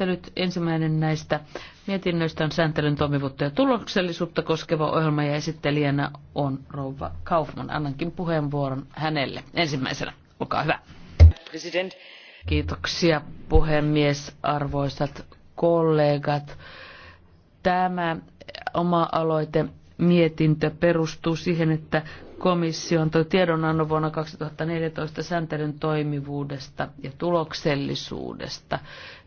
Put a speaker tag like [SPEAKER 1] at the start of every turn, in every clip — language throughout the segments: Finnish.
[SPEAKER 1] käsittelyt. Ensimmäinen näistä mietinnöistä on sääntelyn toimivuutta ja tuloksellisuutta koskeva ohjelma ja esittelijänä on rouva Kaufman. Annankin puheenvuoron hänelle ensimmäisenä. Olkaa hyvä. President. Kiitoksia puhemies, arvoisat kollegat. Tämä oma aloite mietintö perustuu siihen, että komission tiedonannon vuonna 2014 sääntelyn toimivuudesta ja tuloksellisuudesta.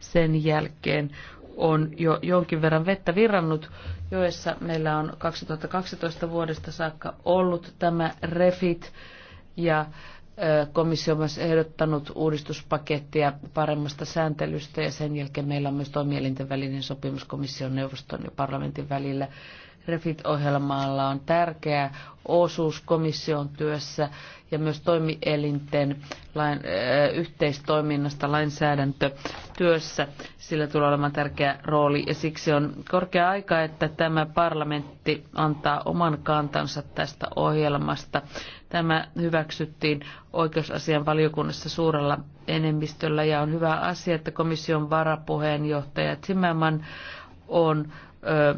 [SPEAKER 1] Sen jälkeen on jo jonkin verran vettä virrannut, joessa meillä on 2012 vuodesta saakka ollut tämä refit ja komissio on myös ehdottanut uudistuspakettia paremmasta sääntelystä ja sen jälkeen meillä on myös toimielinten välinen sopimus komission, neuvoston ja parlamentin välillä REFIT-ohjelmalla on tärkeä osuus komission työssä ja myös toimielinten lain, äh, yhteistoiminnasta lainsäädäntötyössä. Sillä tulee olemaan tärkeä rooli ja siksi on korkea aika, että tämä parlamentti antaa oman kantansa tästä ohjelmasta. Tämä hyväksyttiin oikeusasian valiokunnassa suurella enemmistöllä ja on hyvä asia, että komission varapuheenjohtaja Zimmerman on ö,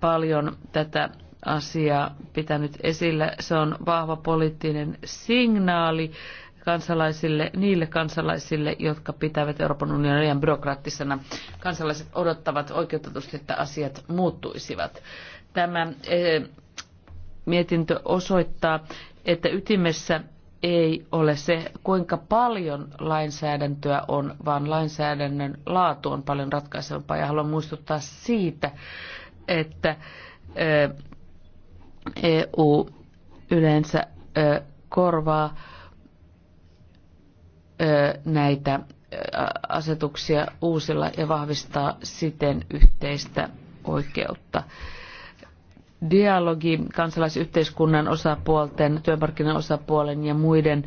[SPEAKER 1] paljon tätä asiaa pitänyt esillä. Se on vahva poliittinen signaali kansalaisille, niille kansalaisille, jotka pitävät Euroopan unionin liian byrokraattisena. Kansalaiset odottavat oikeutetusti, että asiat muuttuisivat. Tämä eh, mietintö osoittaa, että ytimessä ei ole se, kuinka paljon lainsäädäntöä on, vaan lainsäädännön laatu on paljon ratkaisevampaa. Ja haluan muistuttaa siitä, että EU yleensä korvaa näitä asetuksia uusilla ja vahvistaa siten yhteistä oikeutta. Dialogi kansalaisyhteiskunnan osapuolten, työmarkkinan osapuolen ja muiden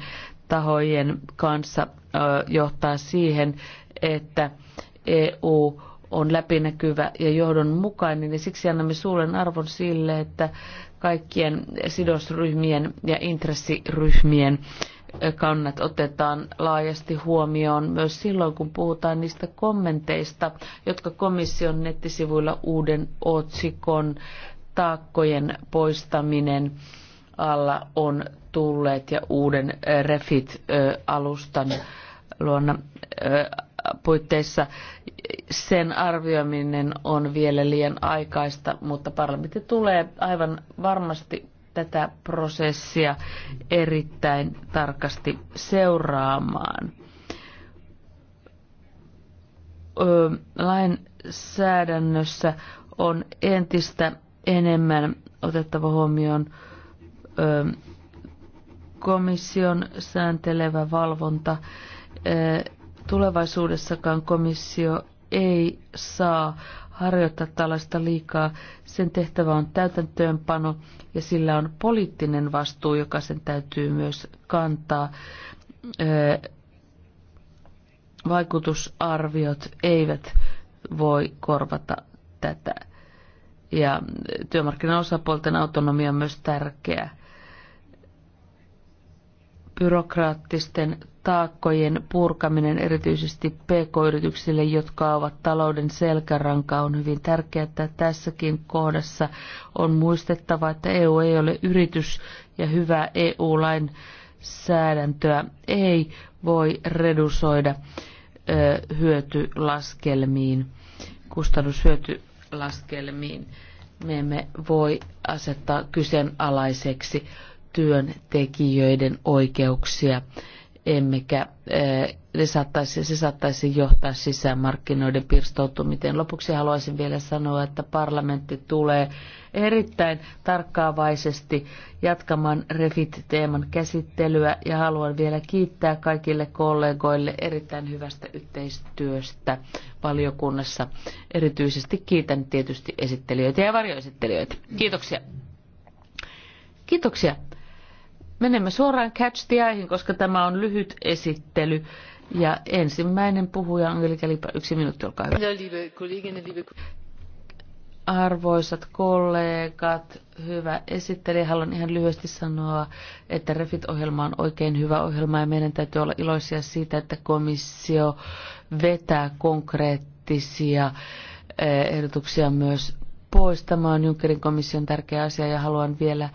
[SPEAKER 1] tahojen kanssa johtaa siihen, että EU on läpinäkyvä ja johdonmukainen ja niin siksi annamme suuren arvon sille, että kaikkien sidosryhmien ja intressiryhmien kannat otetaan laajasti huomioon myös silloin, kun puhutaan niistä kommenteista, jotka komission nettisivuilla uuden otsikon taakkojen poistaminen alla on tulleet ja uuden Refit-alustan luonna puitteissa sen arvioiminen on vielä liian aikaista, mutta parlamentti tulee aivan varmasti tätä prosessia erittäin tarkasti seuraamaan. Lainsäädännössä on entistä enemmän otettava huomioon komission sääntelevä valvonta. Tulevaisuudessakaan komissio ei saa harjoittaa tällaista liikaa. Sen tehtävä on täytäntöönpano ja sillä on poliittinen vastuu, joka sen täytyy myös kantaa. Vaikutusarviot eivät voi korvata tätä. Ja työmarkkinaosapuolten autonomia on myös tärkeää byrokraattisten taakkojen purkaminen erityisesti pk-yrityksille, jotka ovat talouden selkäranka, on hyvin tärkeää, että tässäkin kohdassa on muistettava, että EU ei ole yritys ja hyvä EU-lain säädäntöä ei voi redusoida ö, hyötylaskelmiin, kustannushyötylaskelmiin. Me emme voi asettaa kyseenalaiseksi työntekijöiden oikeuksia, emmekä eh, ne saattaisi, se saattaisi johtaa sisämarkkinoiden pirstoutumiseen. Lopuksi haluaisin vielä sanoa, että parlamentti tulee erittäin tarkkaavaisesti jatkamaan REFIT-teeman käsittelyä ja haluan vielä kiittää kaikille kollegoille erittäin hyvästä yhteistyöstä valiokunnassa. Erityisesti kiitän tietysti esittelijöitä ja varjoesittelijöitä. Kiitoksia. Kiitoksia. Menemme suoraan catch the Eyehin, koska tämä on lyhyt esittely. Ja ensimmäinen puhuja on Angelika Lipa. Yksi minuutti, olkaa hyvä. Arvoisat kollegat, hyvä esittelijä. Haluan ihan lyhyesti sanoa, että REFIT-ohjelma on oikein hyvä ohjelma ja meidän täytyy olla iloisia siitä, että komissio vetää konkreettisia eh, ehdotuksia myös pois. Tämä on Junckerin komission tärkeä asia ja haluan vielä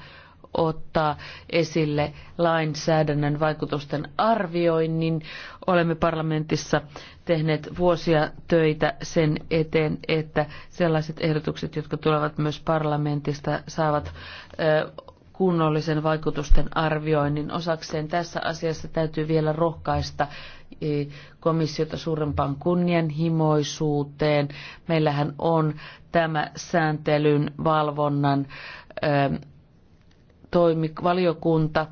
[SPEAKER 1] ottaa esille lainsäädännön vaikutusten arvioinnin. Olemme parlamentissa tehneet vuosia töitä sen eteen, että sellaiset ehdotukset, jotka tulevat myös parlamentista, saavat kunnollisen vaikutusten arvioinnin osakseen. Tässä asiassa täytyy vielä rohkaista e, komissiota suurempaan kunnianhimoisuuteen. Meillähän on tämä sääntelyn valvonnan valiokunta,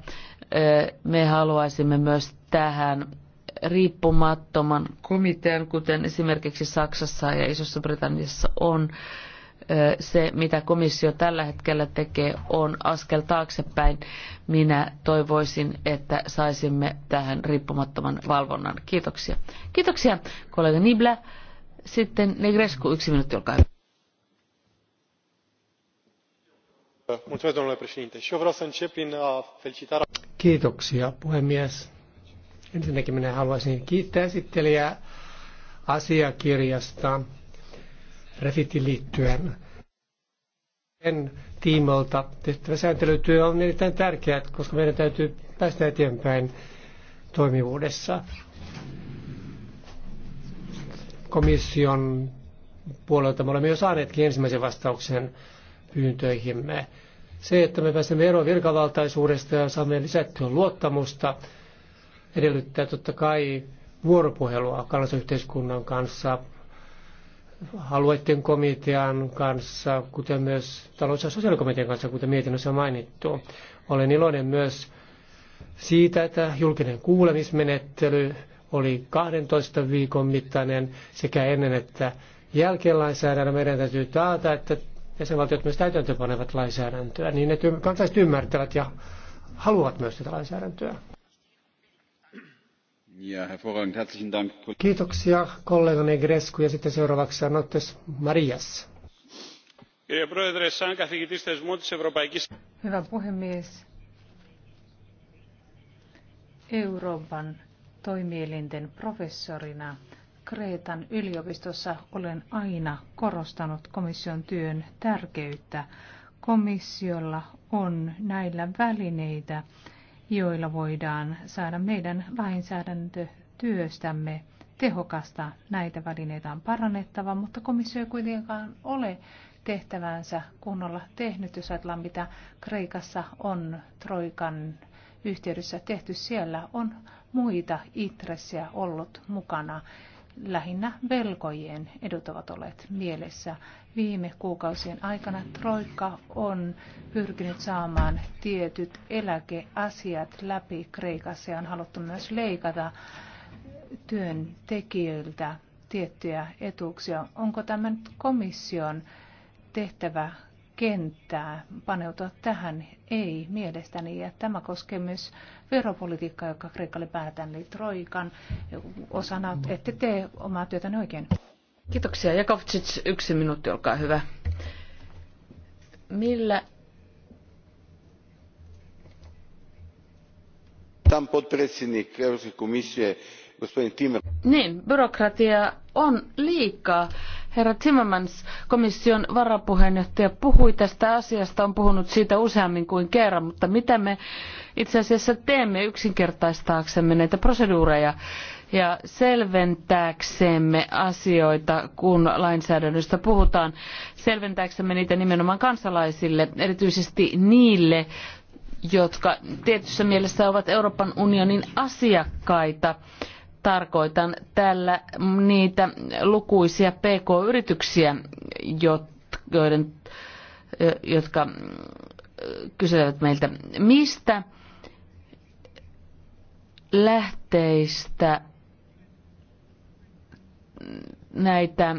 [SPEAKER 1] me haluaisimme myös tähän riippumattoman komitean, kuten esimerkiksi Saksassa ja Isossa Britanniassa on. Se, mitä komissio tällä hetkellä tekee, on askel taaksepäin. Minä toivoisin, että saisimme tähän riippumattoman valvonnan. Kiitoksia. Kiitoksia, kollega Nibla. Sitten Negresku, yksi minuutti, olkaa hyvä.
[SPEAKER 2] domnule președinte și eu vreau să încep prin a felicita.
[SPEAKER 1] Kiitoksia puhemies.
[SPEAKER 2] Ensinnäkin minä haluaisin kiittää esittelijää asiakirjasta Refitin liittyen. Sen tiimolta tehtävä sääntelytyö on erittäin tärkeää, koska meidän täytyy päästä eteenpäin toimivuudessa. Komission puolelta me olemme jo saaneetkin ensimmäisen vastauksen pyyntöihimme. Se, että me pääsemme eroon virkavaltaisuudesta ja saamme lisättyä luottamusta, edellyttää totta kai vuoropuhelua kansalaisyhteiskunnan kanssa, alueiden komitean kanssa, kuten myös talous- ja sosiaalikomitean kanssa, kuten mietinnössä mainittu. Olen iloinen myös siitä, että julkinen kuulemismenettely oli 12 viikon mittainen sekä ennen että jälkeen lainsäädännön. Meidän täytyy taata, että jäsenvaltiot myös täytäntöönpanevat lainsäädäntöä, niin ne kansalaiset ymmärtävät ja haluavat myös tätä lainsäädäntöä. Kiitoksia kollegani Gresku ja sitten seuraavaksi Anottes Marias.
[SPEAKER 3] Hyvä puhemies. Euroopan toimielinten professorina Kreetan yliopistossa olen aina korostanut komission työn tärkeyttä. Komissiolla on näillä välineitä, joilla voidaan saada meidän lainsäädäntötyöstämme tehokasta. Näitä välineitä on parannettava, mutta komissio ei kuitenkaan ole tehtävänsä kunnolla tehnyt, jos ajatellaan mitä Kreikassa on Troikan yhteydessä tehty. Siellä on muita intressejä ollut mukana lähinnä velkojien edut ovat olleet mielessä. Viime kuukausien aikana Troikka on pyrkinyt saamaan tietyt eläkeasiat läpi Kreikassa ja on haluttu myös leikata työntekijöiltä tiettyjä etuuksia. Onko tämän komission tehtävä kenttää paneutua tähän? Ei mielestäni. Ja tämä koskee myös veropolitiikkaa, joka Kreikalle päätän, eli Troikan osana. Ette tee omaa työtäni oikein.
[SPEAKER 1] Kiitoksia. Jakovcic, yksi minuutti, olkaa hyvä. Millä niin byrokratia on liikaa Herra Timmermans, komission varapuheenjohtaja, puhui tästä asiasta, on puhunut siitä useammin kuin kerran, mutta mitä me itse asiassa teemme yksinkertaistaaksemme näitä proseduureja ja selventääksemme asioita, kun lainsäädännöstä puhutaan, selventääksemme niitä nimenomaan kansalaisille, erityisesti niille, jotka tietyssä mielessä ovat Euroopan unionin asiakkaita tarkoitan tällä niitä lukuisia PK-yrityksiä, joiden, jotka kyselevät meiltä, mistä lähteistä näitä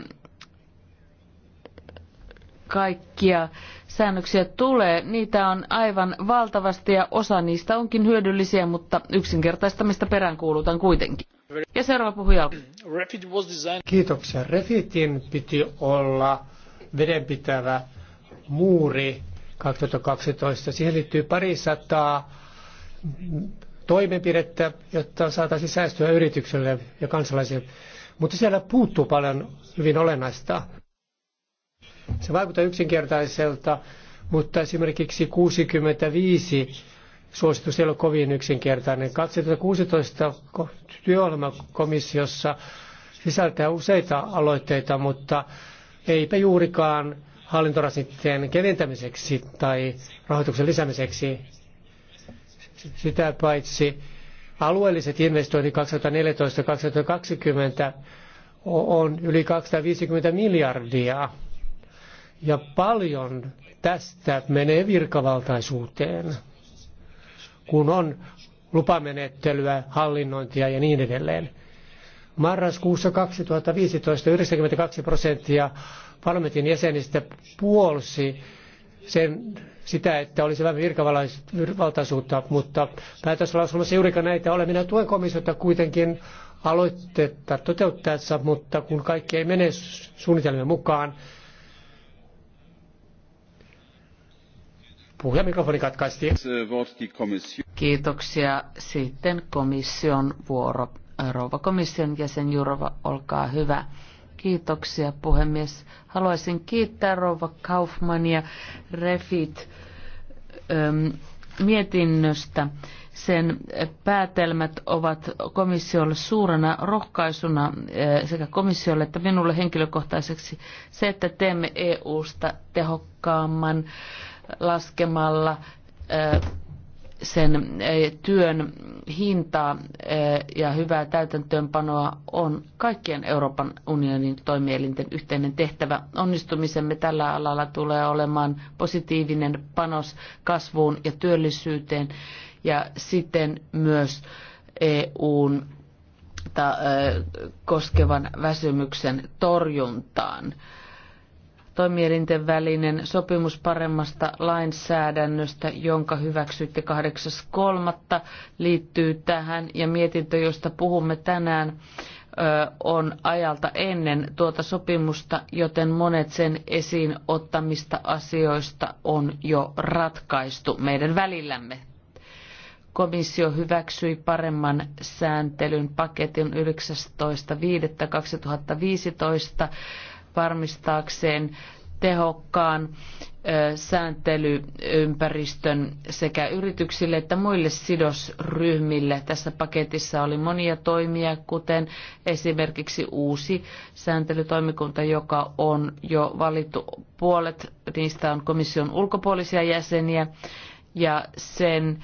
[SPEAKER 1] kaikkia säännöksiä tulee. Niitä on aivan valtavasti ja osa niistä onkin hyödyllisiä, mutta yksinkertaistamista peräänkuulutan kuitenkin. Ja seuraava puhuja.
[SPEAKER 2] Kiitoksia. Refitin piti olla vedenpitävä muuri 2012. Siihen liittyy pari sataa toimenpidettä, jotta saataisiin säästöä yritykselle ja kansalaisille. Mutta siellä puuttuu paljon hyvin olennaista. Se vaikuttaa yksinkertaiselta, mutta esimerkiksi 65 suositus ei ole kovin yksinkertainen. 2016 työohjelmakomissiossa sisältää useita aloitteita, mutta eipä juurikaan hallintorasitteen keventämiseksi tai rahoituksen lisäämiseksi. Sitä paitsi alueelliset investoinnit 2014-2020 on yli 250 miljardia. Ja paljon tästä menee virkavaltaisuuteen kun on lupamenettelyä, hallinnointia ja niin edelleen. Marraskuussa 2015 92 prosenttia parlamentin jäsenistä puolsi sen, sitä, että olisi vähän virkavaltaisuutta, mutta päätöslauselmassa juurikaan näitä ole. Minä tuen komissiota kuitenkin aloitetta toteuttaessa, mutta kun kaikki ei mene
[SPEAKER 1] suunnitelmien mukaan,
[SPEAKER 2] Puhuja mikrofoni katkaistiin.
[SPEAKER 1] Kiitoksia. Sitten komission vuoro. Rouva komission jäsen Jurova, olkaa hyvä. Kiitoksia puhemies. Haluaisin kiittää rouva Kaufmania Refit äm, mietinnöstä. Sen päätelmät ovat komissiolle suurena rohkaisuna sekä komissiolle että minulle henkilökohtaiseksi se, että teemme EU-sta tehokkaamman laskemalla sen työn hintaa ja hyvää täytäntöönpanoa on kaikkien Euroopan unionin toimielinten yhteinen tehtävä. Onnistumisemme tällä alalla tulee olemaan positiivinen panos kasvuun ja työllisyyteen ja siten myös EUn koskevan väsymyksen torjuntaan toimielinten välinen sopimus paremmasta lainsäädännöstä, jonka hyväksytte 8.3. liittyy tähän ja mietintö, josta puhumme tänään on ajalta ennen tuota sopimusta, joten monet sen esiin ottamista asioista on jo ratkaistu meidän välillämme. Komissio hyväksyi paremman sääntelyn paketin 19.5.2015 varmistaakseen tehokkaan sääntelyympäristön sekä yrityksille että muille sidosryhmille. Tässä paketissa oli monia toimia, kuten esimerkiksi uusi sääntelytoimikunta, joka on jo valittu puolet. Niistä on komission ulkopuolisia jäseniä ja sen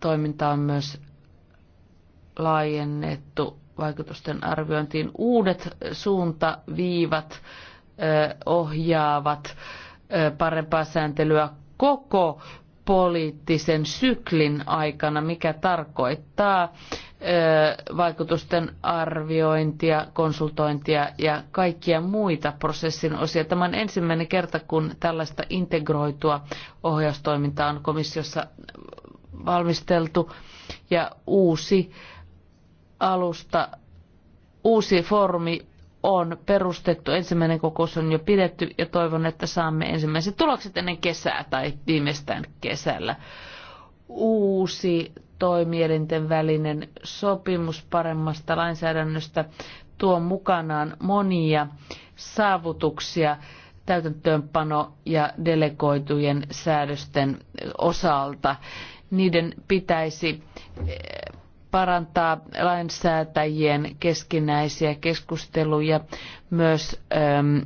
[SPEAKER 1] toiminta on myös laajennettu vaikutusten arviointiin. Uudet suuntaviivat ohjaavat parempaa sääntelyä koko poliittisen syklin aikana, mikä tarkoittaa vaikutusten arviointia, konsultointia ja kaikkia muita prosessin osia. Tämä on ensimmäinen kerta, kun tällaista integroitua ohjaustoimintaa on komissiossa valmisteltu ja uusi alusta uusi foorumi on perustettu. Ensimmäinen kokous on jo pidetty ja toivon, että saamme ensimmäiset tulokset ennen kesää tai viimeistään kesällä. Uusi toimielinten välinen sopimus paremmasta lainsäädännöstä tuo mukanaan monia saavutuksia täytäntöönpano- ja delegoitujen säädösten osalta. Niiden pitäisi parantaa lainsäätäjien keskinäisiä keskusteluja, myös äm,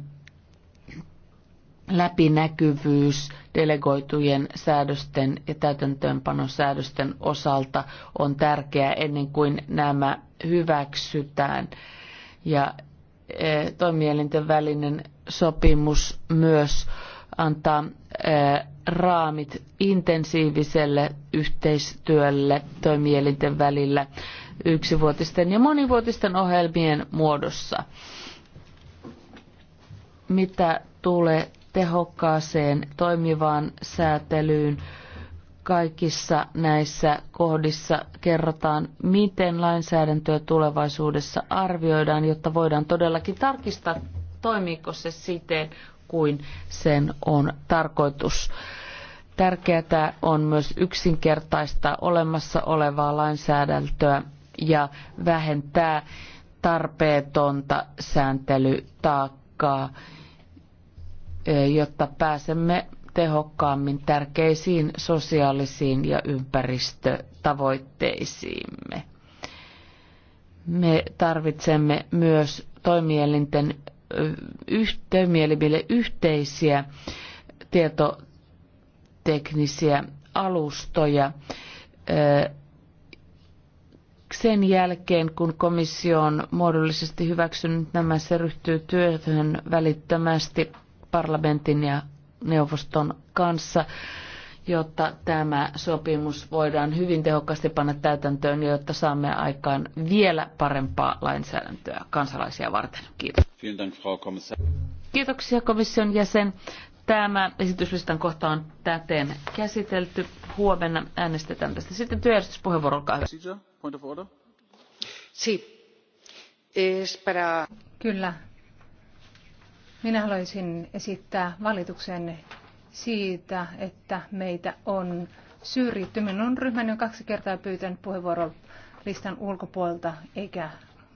[SPEAKER 1] läpinäkyvyys delegoitujen säädösten ja täytäntöönpanosäädösten osalta on tärkeää ennen kuin nämä hyväksytään. Ja äh, toimielinten välinen sopimus myös antaa raamit intensiiviselle yhteistyölle toimielinten välillä yksivuotisten ja monivuotisten ohjelmien muodossa. Mitä tulee tehokkaaseen toimivaan säätelyyn, kaikissa näissä kohdissa kerrotaan, miten lainsäädäntöä tulevaisuudessa arvioidaan, jotta voidaan todellakin tarkistaa, toimiiko se siten kuin sen on tarkoitus. Tärkeää on myös yksinkertaistaa olemassa olevaa lainsäädäntöä ja vähentää tarpeetonta sääntelytaakkaa, e, jotta pääsemme tehokkaammin tärkeisiin sosiaalisiin ja ympäristötavoitteisiimme. Me tarvitsemme myös toimielinten yhteymielimille yhteisiä tietoteknisiä alustoja. Sen jälkeen, kun komissio on muodollisesti hyväksynyt nämä, se ryhtyy työhön välittömästi parlamentin ja neuvoston kanssa jotta tämä sopimus voidaan hyvin tehokkaasti panna täytäntöön ja jotta saamme aikaan vielä parempaa lainsäädäntöä kansalaisia varten. Kiitos. Kiitoksia komission jäsen. Tämä esityslistan kohta on täten käsitelty. Huomenna äänestetään tästä. Sitten työjärjestyspuheenvuoro, olkaa hyvä.
[SPEAKER 3] Kyllä. Minä haluaisin esittää valituksen siitä, että meitä on syrjitty. Minun ryhmäni on kaksi kertaa pyytänyt puheenvuoron listan ulkopuolelta, eikä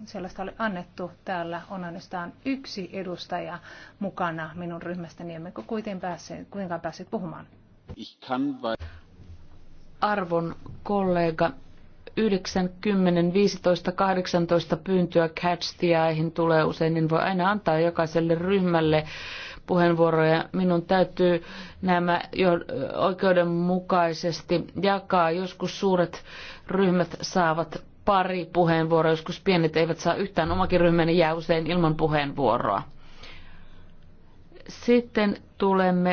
[SPEAKER 3] sellaista ole annettu. Täällä on ainoastaan yksi edustaja mukana minun ryhmästäni, emmekö kuitenkin päässeet, kuitenkaan päässeet puhumaan.
[SPEAKER 1] Arvon kollega, 9, 10, 15, 18 pyyntöä catch tulee usein, niin voi aina antaa jokaiselle ryhmälle puheenvuoroja. Minun täytyy nämä jo oikeudenmukaisesti jakaa. Joskus suuret ryhmät saavat pari puheenvuoroa, joskus pienet eivät saa yhtään. Omakin ryhmäni jää usein ilman puheenvuoroa. Sitten tulemme